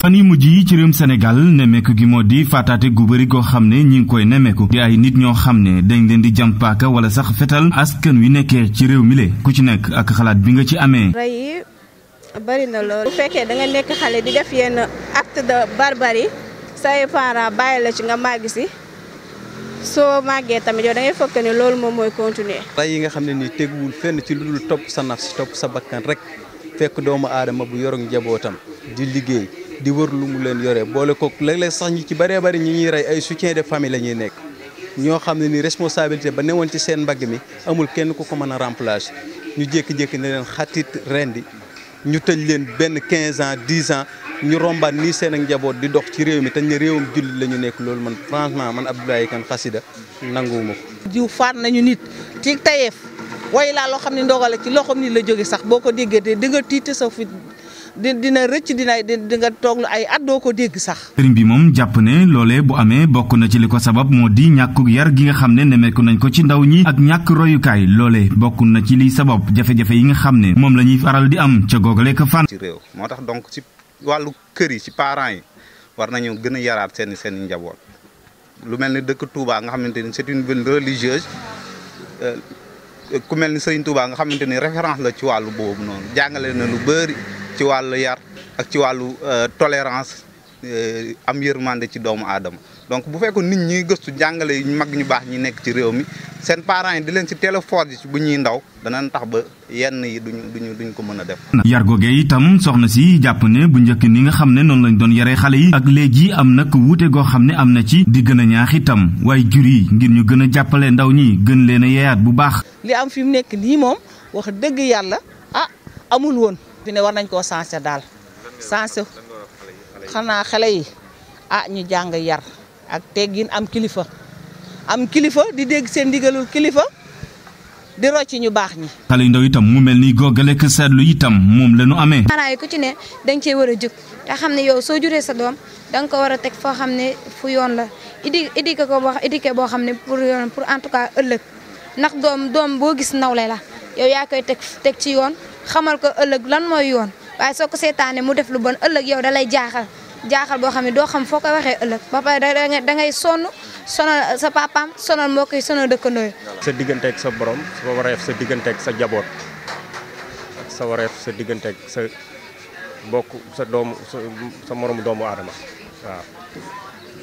fan yu mujj yi ci réewum senegal nemeeku gi moo di faataate gu bari koo xam ne ñi ngi koy nemeeku di ay nit ñoo xam ne dañ leen di jam wala sax fetal askan wi nekkee ci réew mi ku ci nekk ak xalaat bi nga ci amee rey yi lool bu fekkee da nekk xale di def yenn acte de barbarie say parents bàyyi la ci nga màgg soo màggee tamit yow da ngay fokk ne loolu moom mooy continuer. rey yi nga xam ne ni teguwul fenn ci lu dul topp sa naf si topp sa bakkan rek fekk doomu aadama bu yorog njabootam di liggéey di wër lu mu leen yore boole ko léeg-léeg sax ñi ci baree bëri ñi ñuy rey ay soutien de famille la ñuy nekk. ñoo xam ne ni responsabilité ba newoon ci seen mbagg mi amul kenn ku ko mën a remplacer ñu jékki-jékki ne leen xatit rendi ñu tëj leen benn 15 ans 10 ans. ñu rombaat nii seen ak njaboot di dox ci réew mi te ñu réewum jullit la ñu nekk loolu man franchement man Abdoulaye Kane xasida nanguwuma ko jiw faat nañu nit ci tayeef way laa loo xam ne ndogale ci loxoom nit la jóge sax boo ko déggee te di nga tiite sa fit di dina rëcc dina di nga toog ay at doo ko dégg sax. sëriñ bi moom jàpp ne loole bu amee bokk na ci li ko sabab moo di ñàkku yar gi nga xam ne nemmeeku nañ ko ci ndaw ñi ak ñàkk royukaay loolee bokk na ci liy sabab jafe-jafe yi nga xam ne moom la ñuy faral di am ca googale ka wàllu kër yi ci parents yi war nañu gën a yaraat seeni seen njaboot lu mel ni dëkk Touba nga xamante ni c'est une ville religieuse euh, ku mel ni Serigne Touba nga xamante ni référence la ci wàllu boobu noonu jàngale na lu bëri ci wàllu yar ak ci wàllu euh, tolérance am yërmande ci doomu aadama donc bu fekkoon nit ñuy gëstu njàngale yu mag ñu baax ñi nekk ci réew mi seen parents yi di leen ci teel a bu ñuy ndaw danañ tax ba yenn yi duñu duñu duñ ko mën a def. yar googe itam soxna si jàpp ne bu njëkk ni nga xam ne noonu lañ doon yare xale yi ak léegi am nag wuute goo xam ne am na ci di gën a ñaax itam waaye jur yi ngir ñu gën a jàppale ndaw ñi gën leen a bu baax. li am fi mu nekk nii moom wax dëgg yàlla ah amul woon. fi ne xanaa xale yi ah ñu jàng yar ak teggin am kilifa am kilifa di dégg seen ndigalul kilifa di rocc ñu baax ñi. xale yu ndaw itam mu mel ni googalek seetlu tam moom la ñu amee. parents yi ku ci ne danga cee war a jëkk te xam ne yow soo juree sa doom danga ko war a teg foo xam ne fu yoon la idi éduqué ko boo éduqué boo xam ne pour yoon pour en tout cas ëllëg ndax doom doom boo gis nawle la yow yaa koy teg teg ci yoon xamal ko ëllëg lan mooy yoon waaye soo ko seetaanee jaaxal boo xam ne doo xam foo koy waxee ëllëg ba pare da ngay sonn sonal sa papaam sonal mbokk yi sonal dëkkandoo yi. sa digganteeg sa borom sa wareef sa digganteeg sa jaboot ak sa wareef sa digganteeg mbokk sa doomu sa moromu doomu aadama waaw.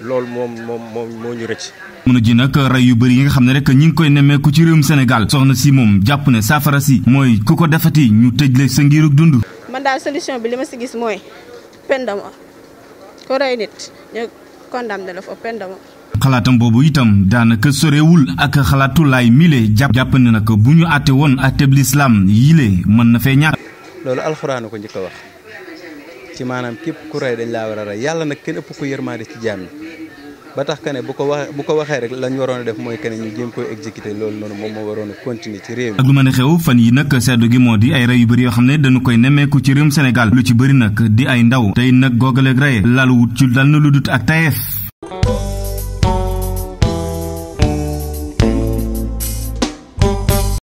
loolu moom moom moom moo ñu rëcc. mun a ji nag rey yu bari yi nga xam ne rek ñi ngi koy nemmeeku ci réewum Sénégal soxna si moom jàpp ne saafara si mooy ku ko defati ñu tëj la sa ngiruk dund. man daal solution bi li ma si gis mooy peine de ku rey nit ñu condamné la xalaatam boobu itam daanaka sorewul ak xalaatulaay laay mile jàpp jàpp ne nag bu ñu àttee woon àtteb lislaam yile mën na fee ñaar loolu alxuraan ko njëkk a wax ci maanaam képp ku rey dañ laa war a yàlla na kenn ëpp ko yërmaande ci jaam ba tax que bu ko waxee bu ko waxee rek lañ waroon a def mooy que ne ñu jéem koy exécuter loolu noonu moom moo waroon a continuer ci réew mi. ak lu mën xew fan yi nag seddu gi moo di ay rey yu bëri yoo xam ne dañu koy nemmeeku ci réewum Sénégal lu ci bëri nag di ay ndaw tey nag googaleeg rey lal wut ci dal na lu dut ak tayeef